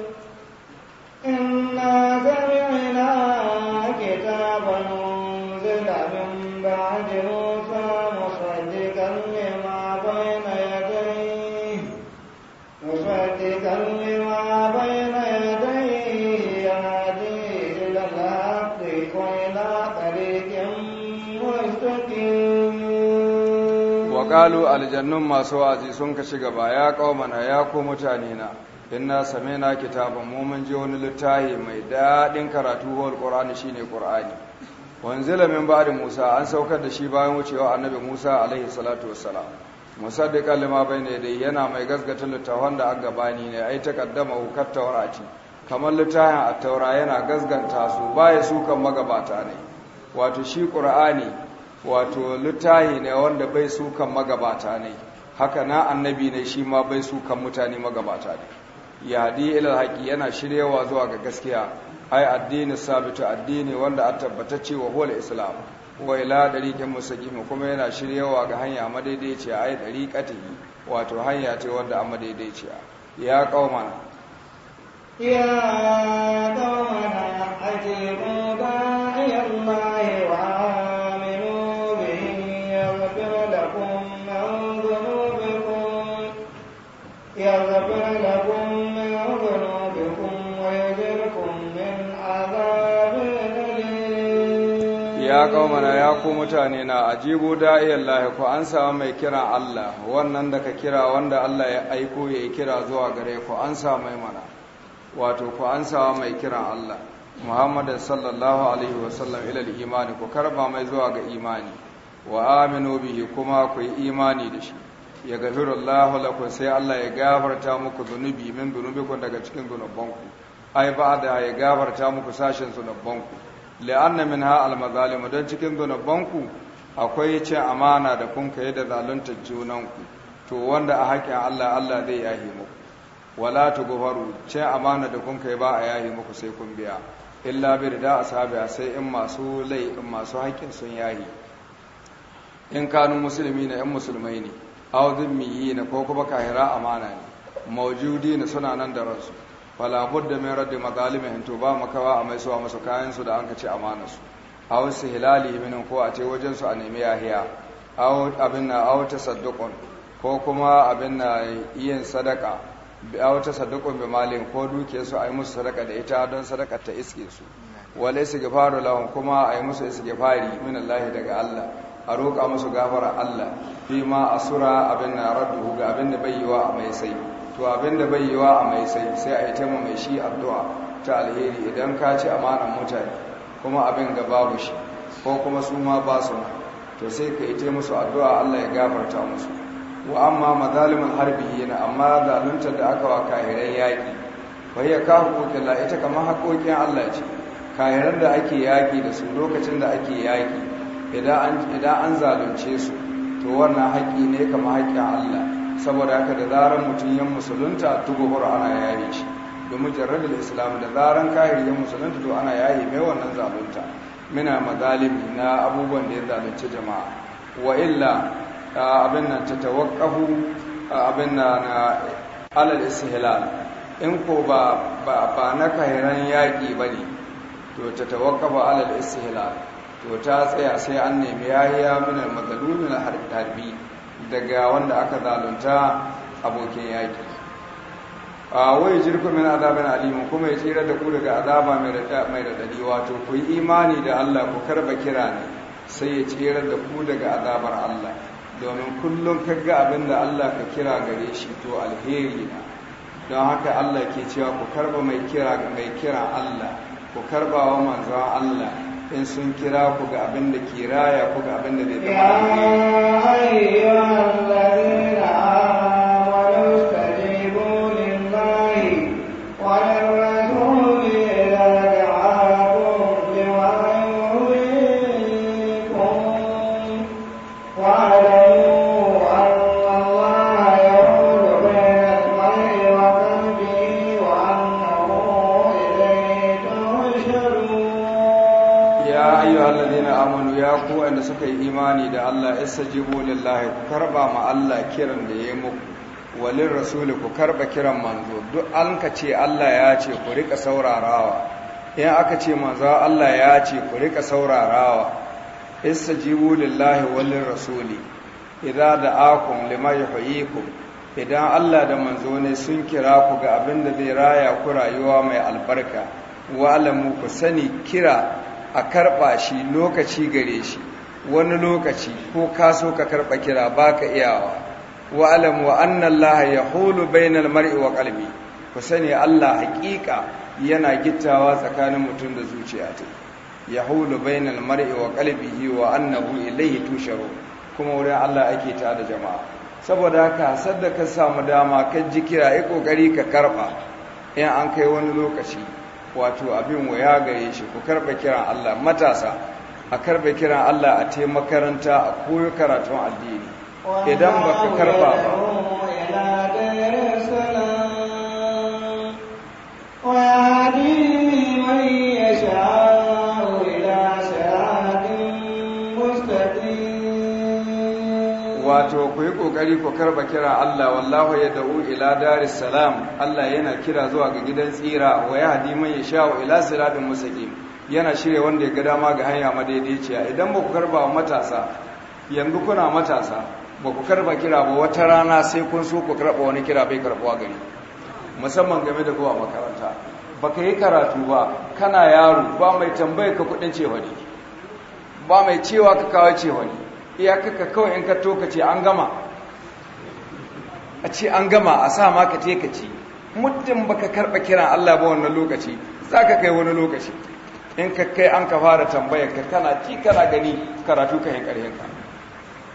inna sami'na kitaban zalamin ba'dhu ba'di kalu aljannun masu wa'azi sun ka shiga ba ya kaumana ya ko mutane na inna sami'na na mu mun ji wani littafi mai daɗin karatu wal qur'ani shine ƙur'ani. wanzila min ba'adin musa an saukar da shi bayan wucewa annabi musa alaihi salatu wassalam musaddiqan lima bayna yadayhi yana mai gaskata littafin da an gabani ne ai takaddama hukat tawrati kamar littafin at-taura yana gasganta su baya sukan magabata ne wato shi ƙur'ani. wato littahi ne wanda bai sukan magabata ne haka na annabi ne shi ma bai sukan mutane magabata ne yadi ilal haƙi yana shiryawa zuwa ga gaskiya ai addini sabitu addini wanda a tabbatacce wa hula islam wa ila dariqin mustaqim kuma yana shiryawa ga hanya madaidaiciya ai dariqatihi wato hanya ce wanda a madaidaiciya ya qaumana ya qaumana ajibu ba ya ya kaumana ya ku mutane na ajibu da'iyar lahi ku an samu mai kiran Allah wannan da ka kira wanda Allah ya aiko ya yi kira zuwa gare ku an samu mai mana wato ku an samu mai kiran Allah Muhammad sallallahu alaihi wasallam ilal imani ku karba mai zuwa ga imani wa aminu bihi kuma ku yi imani da shi ya gafiru Allah lakum sai Allah ya gafarta muku zunubi min kun daga cikin zunubanku ai ba da ya gafarta muku sashen zunubanku la'anna minha al-mazalim don cikin zunubanku akwai ce amana da kun kai da zalunta junanku to wanda a haƙin Allah Allah zai yahi muku wala tughfaru ce amana da kun kai ba a yahi muku sai kun biya illa bi rida ashabiya sai in masu lai in masu haƙin sun yahi in kanu musulmi na yan musulmai ne miyi ne ko kuma kahira amana ne maujudi ne suna nan da ransu fala budda min raddi mazalimihim to ba makawa a mai suwa musu kayan su da an kace amana su aw hilali min ko a ce wajen su a nemi yahiya aw abin na aw tasaddukun ko kuma abin na yin sadaka aw tasaddukun bi malin ko duke su a yi musu sadaka da ita don sadaka ta iske su wal istighfaru lahum kuma a yi musu istighfari min Allah daga Allah a roƙa musu gafara Allah fi ma asura abin na raddu ga abin da bai yi a mai sai to abinda bai yiwa a mai sai sai a yi ta mai shi addu'a ta alheri idan ka ci amanan mutane kuma abin ga babu shi ko kuma su ma ba su to sai ka yi ta musu addu'a Allah ya gafarta musu wa amma madalimin harbi yana amma zalunta da aka wa kahiran yaƙi fa ya ka la ita kamar hakokin Allah ce kahiran da ake yaki da su lokacin da ake yaki idan an zalunce su to wannan haƙƙi ne kamar haƙƙin Allah saboda haka da zarar mutum yan musulunta tubuhur ana yaye shi domin da islam da zarar kahiri yan musulunta to ana yaye mai wannan zalunta muna mazalim na abubuwan da ya zalunci jama'a wa illa abin nan ta tawakkafu abin nan na alal istihlal in ko ba ba na kahiran yaƙi ba ne to ta tawakkafa alal istihlal to ta tsaya sai an nemi yahiya min al al harbi daga wanda aka zalunta abokin yaƙi a wai jirku min azabin alimu kuma ya tsira da ku daga azaba mai raɗaɗi wato ku yi imani da Allah ku karba kira ne sai ya tsira da ku daga azabar Allah domin kullum kaga abin da Allah ka kira gare shi to alheri na don haka Allah ke cewa ku karba mai kira mai kira Allah ku karba wa manzon Allah in sun kira ku ga abin da ke raya ku ga abin da bai zama waɗanda suka yi imani da Allah jibo lillahi ku karba ma Allah kiran da yi muku walin rasuli ku karba kiran manzo duk an ka ce Allah ya ce ku rika saurarawa in aka ce manzo Allah ya ce ku rika saurarawa jibo lillahi walin rasuli idan da akun lima ku idan Allah da manzo ne sun kira ku ga abin da zai raya ku rayuwa mai albarka wa alamu ku sani kira a karɓa shi lokaci gare shi wani lokaci ko ka so ka karɓa kira ba ka iyawa wa alam wa laha ya yahulu bainal mar'i wa qalbi ku sani allah haƙiƙa yana gittawa tsakanin mutum da zuciya ta yahulu bainal mar'i wa qalbihi wa annahu ilayhi tusharu kuma wurin allah ake ta da jama'a saboda haka sadda ka samu dama kan ji kira ya kokari ka karba in an kai wani lokaci wato abin waya gare shi ku karba kiran Allah matasa a karbe kiran Allah a te makaranta a koyo karatun addini idan ba ka karba ba wato ku yi ƙoƙari ku karba kira Allah wallahu ya da'u ila daris salam Allah yana kira zuwa ga gidan tsira wa ya hadi man ya sha'u ila siratin mustaqim yana shirya wanda ya ga dama ga hanya madaidaiciya idan ba ku karba matasa yanzu kuna matasa ba ku karba kira ba wata rana sai kun so ku karba wani kira bai karbuwa gari musamman game da kowa makaranta ba ka yi karatu ba kana yaro ba mai tambayar ka kudin cewa ne ba mai cewa ka kawo cewa ne kaka kawai in ka to ka ce an gama a ce an gama a sa ma ka ce ka ce muddin baka karba kiran Allah ba wannan lokaci za ka kai wani lokaci in ka kai an ka fara tambayar ka kana ji kana gani karatu ka hin karhin ka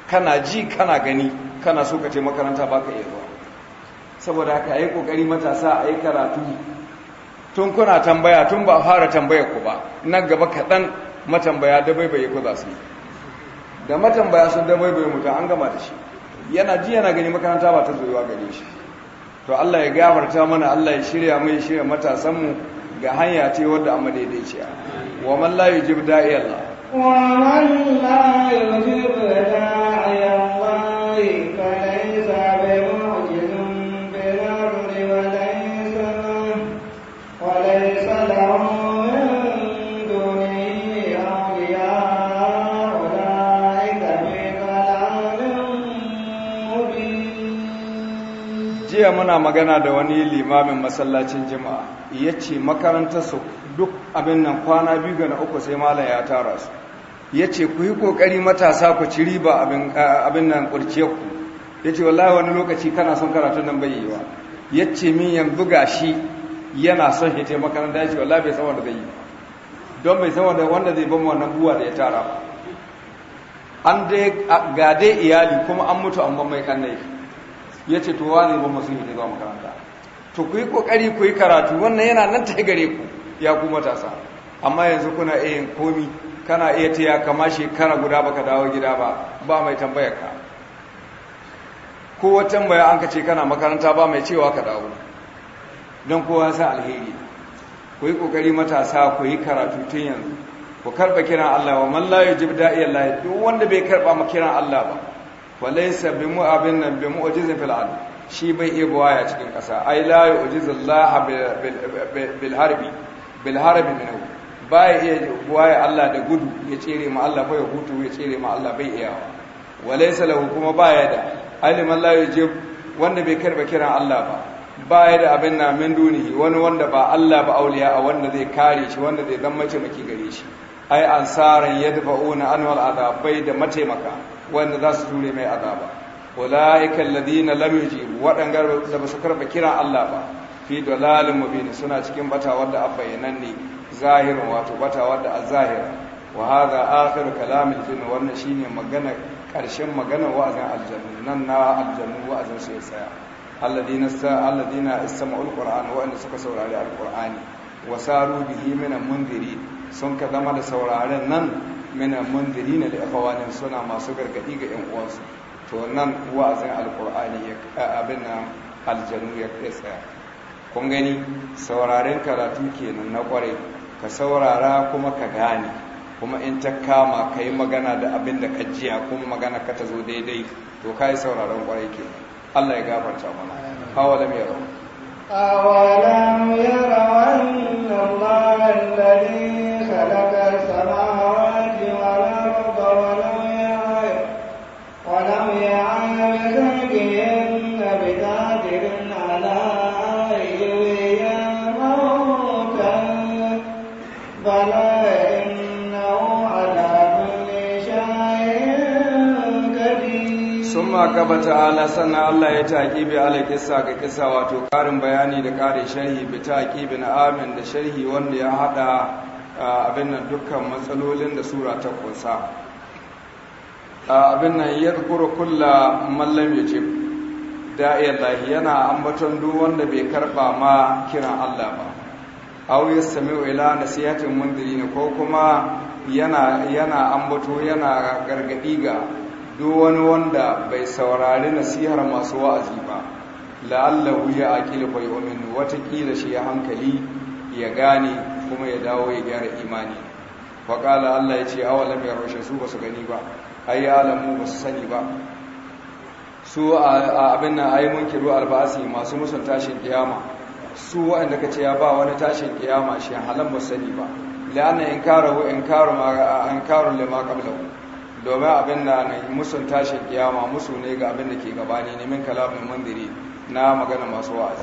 kana ji kana gani kana so ka ce makaranta ba ka iya zuwa saboda haka yi kokari matasa a yi karatu tun kuna tambaya tun ba fara tambayar ku ba nan gaba kaɗan matambaya bai ku za su yi da matambaya sun da bai mutu an gama da shi yana ji yana gani makaranta ba ta zoyewa gare shi to Allah ya gafarta mana Allah ya shirya mai shirya matasanmu ga hanya ce wadda amma daidaiciya wa man la yujib da'i Allah wa man la yujib da'i Allah ana magana da wani limamin masallacin jima'a ya ce makarantarsu duk abin nan kwana biyu ga na uku sai malam ya tara su ya ce ku yi ƙoƙari matasa ku ci riba abin nan ku. ya ce wallahi wani lokaci kana son karatu nan bai yiwa ya ce min yanzu ga shi yana son ya ce makaranta ya ce wallahi bai san wanda zai yi don bai san wanda zai ban wannan buwa da ya tara ba an dai ga dai iyali kuma an mutu an ban mai kannai ya ce to wane ba masu yi zuwa makaranta to ku yi ƙoƙari ku yi karatu wannan yana nan ta gare ku ya ku matasa amma yanzu kuna iya yin komi kana iya taya kama shekara guda baka dawo gida ba ba mai tambayar ka kowa tambaya an ka ce kana makaranta ba mai cewa ka dawo don kowa sa alheri ku yi ƙoƙari matasa ku yi karatu tun yanzu ku karba kiran Allah wa man la yujib da'iya duk wanda bai karba ma kiran Allah ba falaisa bi mu abin nan bi mu'jizin fil ard shi bai iya buwaya cikin ƙasa ai la yu'jizullah bil harbi bil harbi minhu bai iya buwaya Allah da gudu ya tsere ma Allah bai hutu ya tsere ma Allah bai iya walaisa lahu kuma baya da aliman ya yujib wanda bai karba kiran Allah ba baya da abin na min dunihi wani wanda ba Allah ba auliya a wanda zai kare shi wanda zai zama maki gare shi ai ansaran yadfa'una anwal azabai da mataimaka wanda za su ture mai azaba ulaika alladhina lam yujibu waɗanga da ba su karba kira Allah ba fi dalalin mubin suna cikin bata wadda abbayanan ne zahirin wato bata wadda azahira wa hadha akhiru kalamil jinn wannan shine magana karshen magana wa'azin aljannu nan na aljannu wa'azin su ya tsaya alladina sa istama'ul qur'an wa'anda suka saurari alqur'ani wa saru bihi min munziri sun ka zama da sauraren nan mina mundiri na da ikhwanin suna masu gargadi ga yan uwansu to nan wa'azin alkur'ani ya abin nan aljanu ya tsaya kun gani sauraren karatu kenan na kware ka saurara kuma ka gane kuma in ta kama ka yi magana da abin da jiya, kuma magana ka ta zo daidai to ka yi sauraron kwarai ke Allah ya gafarta mana awalam ya rawa awalam ya rawa Allah alladhi khalaqa samawati gaba ta'ala sannan Allah ya taki bi ala kissa ga kissa wato ƙarin bayani da ƙarin sharhi bi taƙi na amin da sharhi wanda ya haɗa abin nan dukkan matsalolin da sura ta kunsa abin nan ya kura kulla mallam ya ce lahi yana ambaton duk wanda bai karba ma kiran Allah ba aw yastami'u ila nasihatin ne ko kuma yana yana ambato yana gargadi ga duk wani wanda bai saurari nasihar masu wa'azi ba la'allahu ya aqilu fa yu'min watakila shi ya hankali ya gane kuma ya dawo ya gyara imani faqala Allah ya ce awalam rushe su ba su gani ba ai ya lamu ba su sani ba su a abin nan ai munkiru albasi masu musun tashin kiyama su waɗanda ka ce ya ba wani tashin kiyama shi halan ba sani ba la'anna in karahu in karu an le ma kabla domin abin da na musun tashin kiyama musu ne ga abin da ke gabani ne min kalamin mandiri na magana masu wa'azi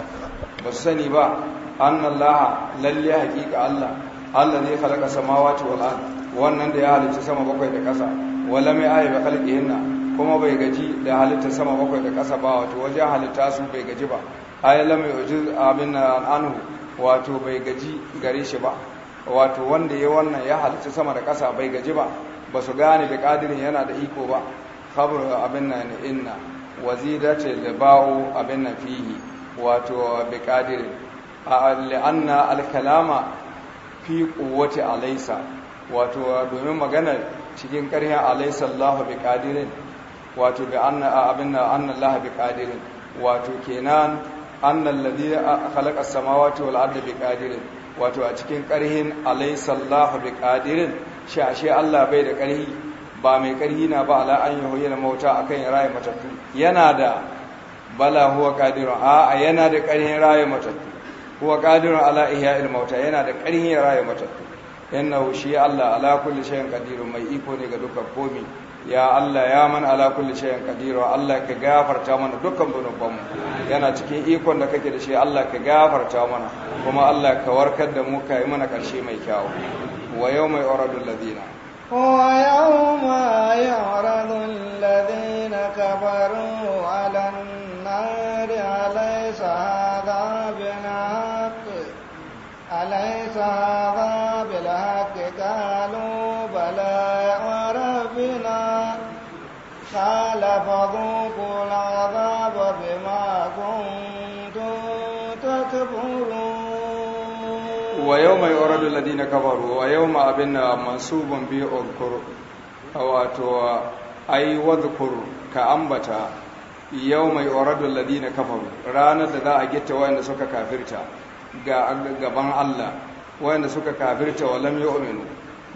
ba su sani ba annallaha lalle hakika Allah Allah ne khalaqa samawati wal ard wannan da ya halicci sama bakwai da ƙasa wala mai ayi ba hinna kuma bai gaji da halitta sama bakwai da ƙasa ba wato wajen halitta su bai gaji ba ayi lamai yujiz abin anhu wato bai gaji gare shi ba wato wanda ya wannan ya halitta sama da ƙasa bai gaji ba ba su gane da ƙadirin yana da iko ba khabar abin nan inna wazidati libao abin nan fihi wato bi qadirin la'anna al-kalama fi quwwati alaysa wato domin maganar cikin ƙarhin alaysa Allah bi qadirin wato bi anna abinna anna Allah bi qadirin wato kenan anna alladhi khalaqa as-samawati wal arda bi qadirin wato a cikin ƙarhin alaysa Allah bi qadirin shi Allah bai da ƙarhi ba mai ƙarhi na ba ala an yahuyyana mauta akan rayi matattu yana da bala huwa qadirun a yana da ƙarhin rayi matattu huwa qadirun ala ihya'il mauta yana da ƙarhin rayi matattu innahu shi Allah ala kulli shay'in qadirun mai iko ne ga dukkan komi ya Allah ya man ala kulli shay'in qadir Allah ka gafarta mana dukkan zunubanmu yana cikin ikon da kake da shi Allah ka gafarta mana kuma Allah ka warkar da mu ka yi mana karshe mai kyau wa yawma yuradu alladhina wa yawma yuradu alladhina kafaru ala an-nari alaysa hadha bina alaysa hadha فذوقوا العذاب بما كنتم تكفرون ويوم يورد الذين كفروا ويوم أبنا منصوب به a wato ai wadhkur ka ambata yau mai oradun ladina kafaru ranar da za a gita wayanda suka kafirta ga gaban Allah wayanda suka kafirta wa lam yu'minu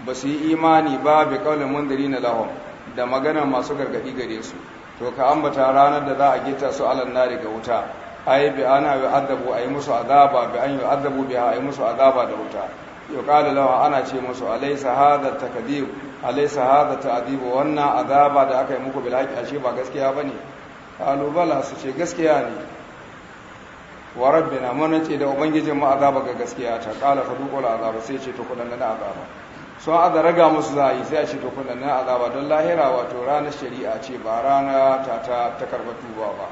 ba su yi imani ba bi qaulin na lahum da magana masu gargadi gare su to ka ambata ranar da za a gita su alan nari ga wuta ai bi ana yi adabu a yi musu azaba bi an yi adabu bi a yi musu azaba da wuta yo qala lawa ana ce musu alaisa hada takadib alaisa hada ta'adib wannan azaba da aka yi muku bilaki ashe ba gaskiya bane bala su ce gaskiya ne wa rabbina mun ce da ubangijin mu azaba ga gaskiya ta qala fa duqul azaba sai ce to kudan da azaba sun aza raga musu za a yi sai a ce to kuna na azaba don lahira wato ranar shari'a ce ba rana ta ta ta tuba ba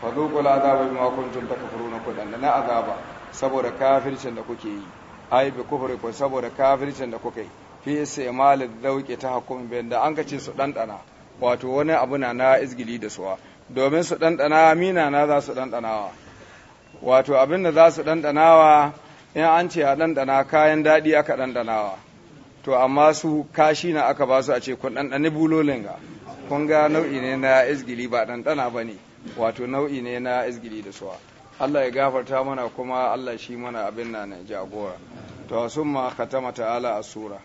fa zo kula azaba bi makuntun ta kafaro na kudan na azaba saboda kafircin da kuke yi ai bi kufri ko saboda kafircin da kuke yi fi sai malid dauke ta hukumin bayan da an kace su dandana wato wani abu na na izgili da suwa domin su dandana Amina na za su dandanawa wato abin da za su dandanawa in an ce a dandana kayan dadi aka dandanawa to amma su kashi na aka ba su a ce kun ɗanɗani bulolin ga kun ga nau'i ne na izgili ba ɗanɗana ba ne wato nau'i ne na izgili da suwa Allah ya gafarta mana kuma Allah shi mana abin na na jagora to sun ma ka katama ta'ala a sura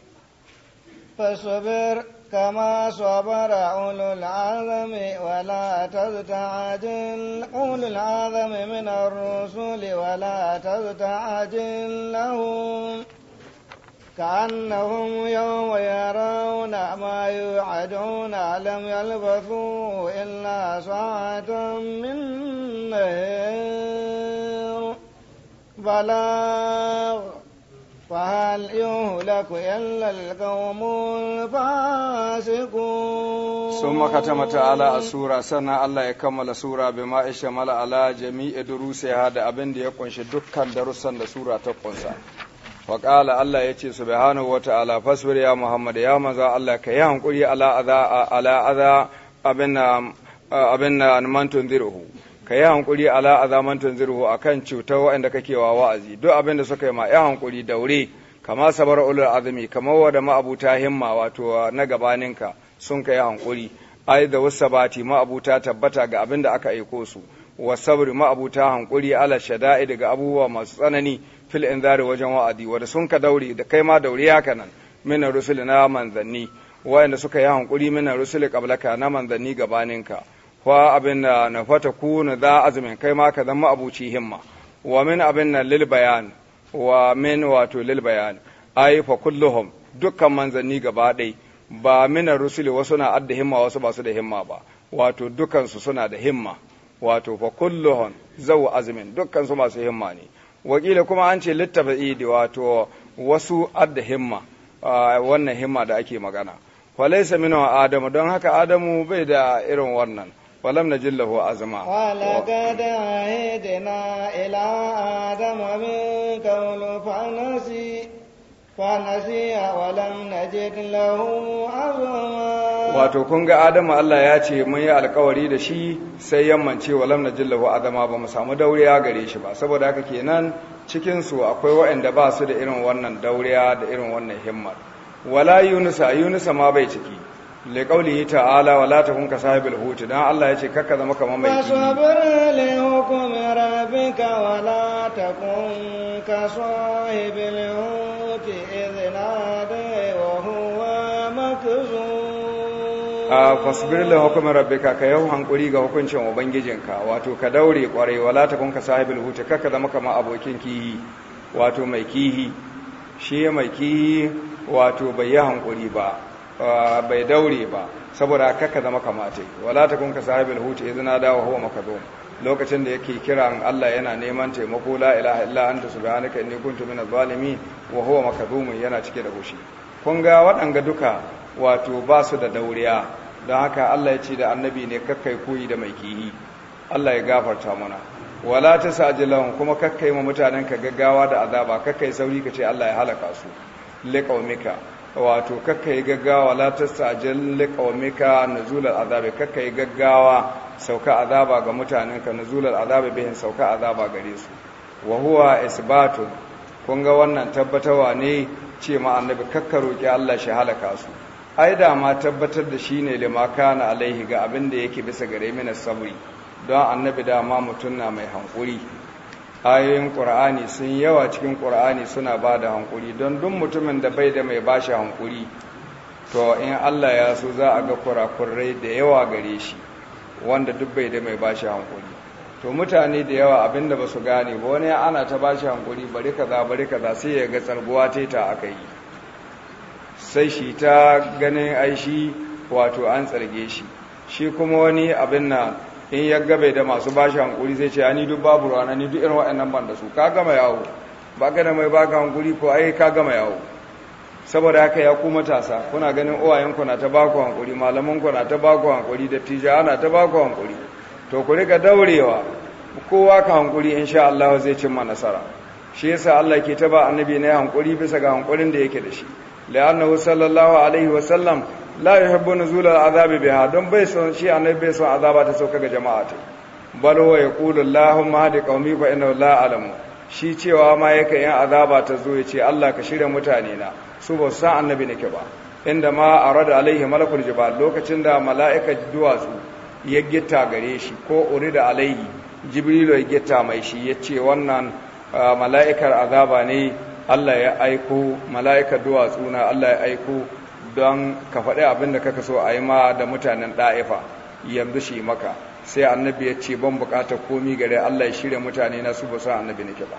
fasabir kama sabara ulul azami wala tazta'jil ulul azami min ar-rusuli wala tazta'jil lahum كأنهم يوم يرون ما يوعدون لم يلبثوا إلا ساعة من نهر بلاغ فهل يهلك إلا القوم الفاسقون ثم ختم تعالى السورة سنة الله يكمل السورة بما إشمل على جميع دروسها هذا أبن يكون شدكا درسا لسورة تقنصا ya ce su yace subhanahu wata ala fasbir ya Muhammad ya maza Allah ka yi hankuri ala adha ala adha abinna abinna man tunziruhu ka yi hankuri ala azaman tunziruhu akan cutar waɗanda kake wa wa'azi duk abin da suka yi ma ya hankuri daure kama sabar ulul azumi kamar wada ma'abuta himma wato na gabaninka sun kai hankuri ai da wasabati ma'abuta tabbata ga abin da aka aiko su wa sabri ma'abuta hankuri ala shada'i daga abubuwa masu tsanani fil inzari wajen wa'adi da sun ka daure da kai ma ya ka nan minan rusuli na manzanni wa'anda suka yi hankuri minan rusuli qablaka na manzanni gabaninka wa abin da na fata kuna za azumin kai ma ka zama abuci himma wa min abin na lil bayan wa min wato lil bayan ai fa kulluhum dukkan manzanni gaba ɗai ba mina rusuli wasu na adda himma wasu ba su da himma ba wato su suna da himma wato fa kulluhum zau azumin dukkan su masu himma ne wakila kuma an ce idi wato wasu adda himma wannan himma da ake magana falaisa minhu adamu don haka adamu bai da irin wannan falam na jillahu أزما ولقد عهدنا فنسي ولم نجد له عظما wato kun ga adamu Allah ya ce mun yi alkawari da shi sai yammance walam najid lahu adama ba mu samu dauriya gare shi ba saboda haka kenan cikin su akwai waɗanda ba su da irin wannan dauriya da irin wannan himmar wala yunusa yunusa ma bai ciki li qawlihi ta'ala wa la takun ka sahibul huti dan Allah yace kakka zama kamar mai kifi sabar le hukum rabbika wa la takun ka sahibul huti idna da wa huwa makzun a fasbir le hukum rabbika ka yau hankuri ga hukuncin ubangijinka wato ka daure kwarai wa la takun ka sahibul huti kakka zama kamar abokin kihi wato mai kihi shi mai kihi wato bai yi hankuri ba bai daure ba saboda kakka zama kamata wala ta kun ka sahibul huti dawa huwa makazo lokacin da yake kiran Allah yana neman taimako la ilaha illa anta subhanaka inni kuntu minaz zalimin wa huwa makazum yana cike da goshi kun ga waɗanga duka wato ba su da dauriya don haka Allah ya ce da annabi ne kakkai koyi da mai kihi Allah ya gafarta mana wala ta sajilan kuma kakkai ma mutanen ka gaggawa da azaba kakkai sauri ka ce Allah ya halaka su liqaumika wato kakka yi gaggawa la tastajil liqaumika nuzulal azabe kakka yi gaggawa sauka azaba ga mutanenka nuzulal azabi bihin sauka azaba gare su wa huwa isbatu kun ga wannan tabbatawa ne ce ma annabi kakka roki Allah shi halaka su ai da ma tabbatar da shine lima kana alaihi ga abin da yake bisa gare mina sabri don annabi da ma mutum na mai hankuri ayoyin ƙur'ani sun yawa cikin ƙur'ani suna ba da hankuri don duk mutumin da bai da mai bashi hankuri to in allah ya so za a ga kurakurai da yawa gare shi wanda duk bai da mai bashi hankuri to mutane da yawa abinda ba su gane ba wani ana ta bashi hankuri bari kaza bari kaza sai ya ga tsarguwa ta aka yi sai shi ta ganin aishi wato an tsarge shi shi kuma wani abin na in ya gabe da masu bashi hankuri zai ce ni duk babu rana ni duk irin waɗannan ban da su ka gama yawo ba ka da mai ga hankuri ko ai ka gama yawo saboda haka ya ku matasa kuna ganin uwayenku na ta baku hankuri malamanku na ta baku hankuri da tija ana ta baku hankuri to ku rika daurewa kowa ka hankuri insha Allah zai cimma nasara shi yasa Allah ke taba ba annabi ne hankuri bisa ga hankurin da yake da shi la'annahu sallallahu alaihi sallam. la yuhibbu nuzul al'azab biha don bai son shi annabi bai son azaba ta sauka ga jama'a ta bal wa yaqulu allahumma hadi qaumi fa inna la shi cewa ma yake yin azaba ta zo ce Allah ka shirya mutane na su ba san annabi nake ba inda ma arada alaihi malakul jibal lokacin da mala'ika duwatsu ya gita gare shi ko urida alaihi jibrilu ya gitta mai shi yace wannan mala'ikar azaba ne Allah ya aiko mala'ikar duwatsu na Allah ya aiko don ka faɗi abin da kaka so a yi ma da mutanen ɗa'ifa yanzu shi maka sai annabi ya ce ban buƙatar komi gare Allah ya shirya mutane na su ba annabi nake ba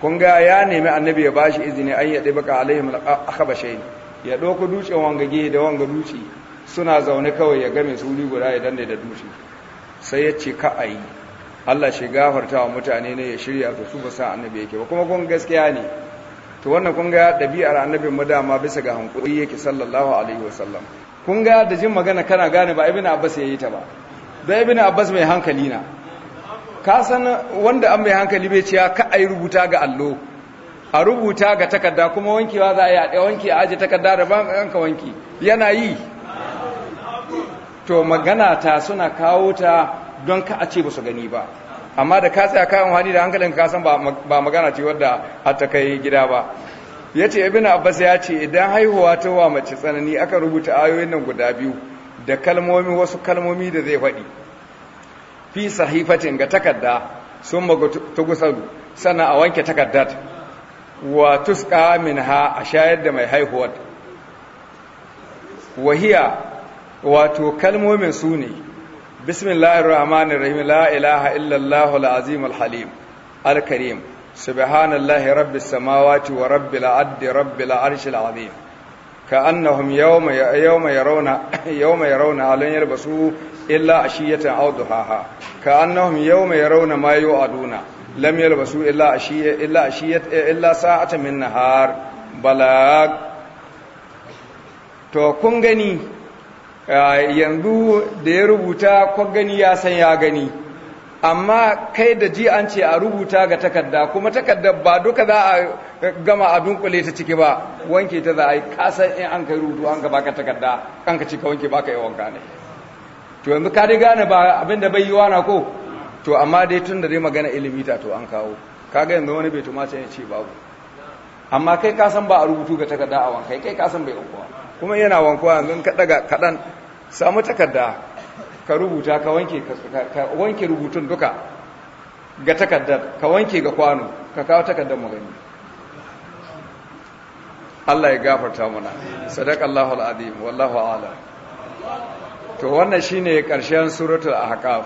kun ga ya nemi annabi ya bashi izini an yi ya dibaka alaihim akhbashain ya ɗauko dutse wangage da wanga dutse suna zaune kawai ya game su guda ya danne da dutse sai ya ce ka ayi Allah shi gafarta wa mutane ne ya shirya su su ba annabi yake ba kuma kun gaskiya ne to wannan kun ga ɗabi'ar annabin mu bisa ga hankuri yake sallallahu alaihi wasallam kun ga da jin magana kana gane ba ibn abbas ya yi ta ba da ibn abbas mai hankali na ka san wanda an mai hankali bai ciya ka ai rubuta ga allo a rubuta ga takarda kuma wankewa za a yi a ɗaya wanki a aje takarda da ban ka wanki yana yi to magana ta suna kawo ta don ka a ce ba su gani ba amma da ka tsaya kayan wani da hankalin ka san ba magana ce wadda har ta kai gida ba ya ce ibn abbas ya ce idan haihuwa ta wa mace tsanani aka rubuta ayoyin nan guda biyu da kalmomi wasu kalmomi da zai faɗi fi sahifatin ga takarda sun sannan a wanke takardar wa tuska min ha a shayar da mai haihuwar wahiya wato kalmomin su ne bismillahir rahmanir rahim la ilaha illallah al-azim al-halim al-karim subhanallahi rabbis samawati wa rabbil ardi rabbil arshil كأنهم يوم يوم يرون يوم يرون علن يلبسوا إلا عشية أو ضحاها كأنهم يوم يرون ما يوعدون لم يلبسوا إلا عشية إلا عشية إلا ساعة من نهار بلاغ to kun gani Ah, yanzu da ya rubuta ko gani ya san ya gani amma kai da ji an ce a rubuta ga takarda kuma takarda ba duka za a gama a dunkule ta ciki ba wanke ta za a yi kasan in an kai rubutu an ka baka takarda an ka cika wanke baka yi wanka ne to yanzu ka dai gane ba abin da bai yi wana ko to amma dai tun da dai magana ilimi ta to an kawo ka ga yanzu wani bai tuma ya ce babu amma kai kasan ba a rubutu ga takarda a wanka kai kasan bai wankuwa kuma yana wankuwa yanzu ka daga kaɗan samu takarda ka rubuta ka wanke ka wanke rubutun duka ga takardar ka wanke ga kwano ka kawo takardar magani Allah ya gafarta mana sadaqallahu alazim wallahu a'lam to wannan shine karshen suratul ahqaf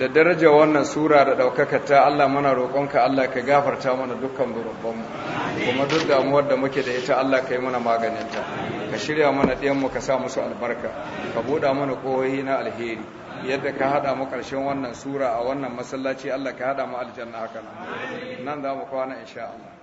da daraja wannan sura da ɗaukaka ta Allah mana roƙonka Allah ka gafarta mana dukkan zurubbanmu kuma duk damuwar da muke da ita Allah ka yi mana maganinta ka shirya mana ɗiyanmu ka sa musu albarka ka buɗa mana ƙohohi na alheri yadda ka haɗa mu ƙarshen wannan sura a wannan masallaci Allah ka haɗa mu aljanna haka nan nan za mu kwana insha Allah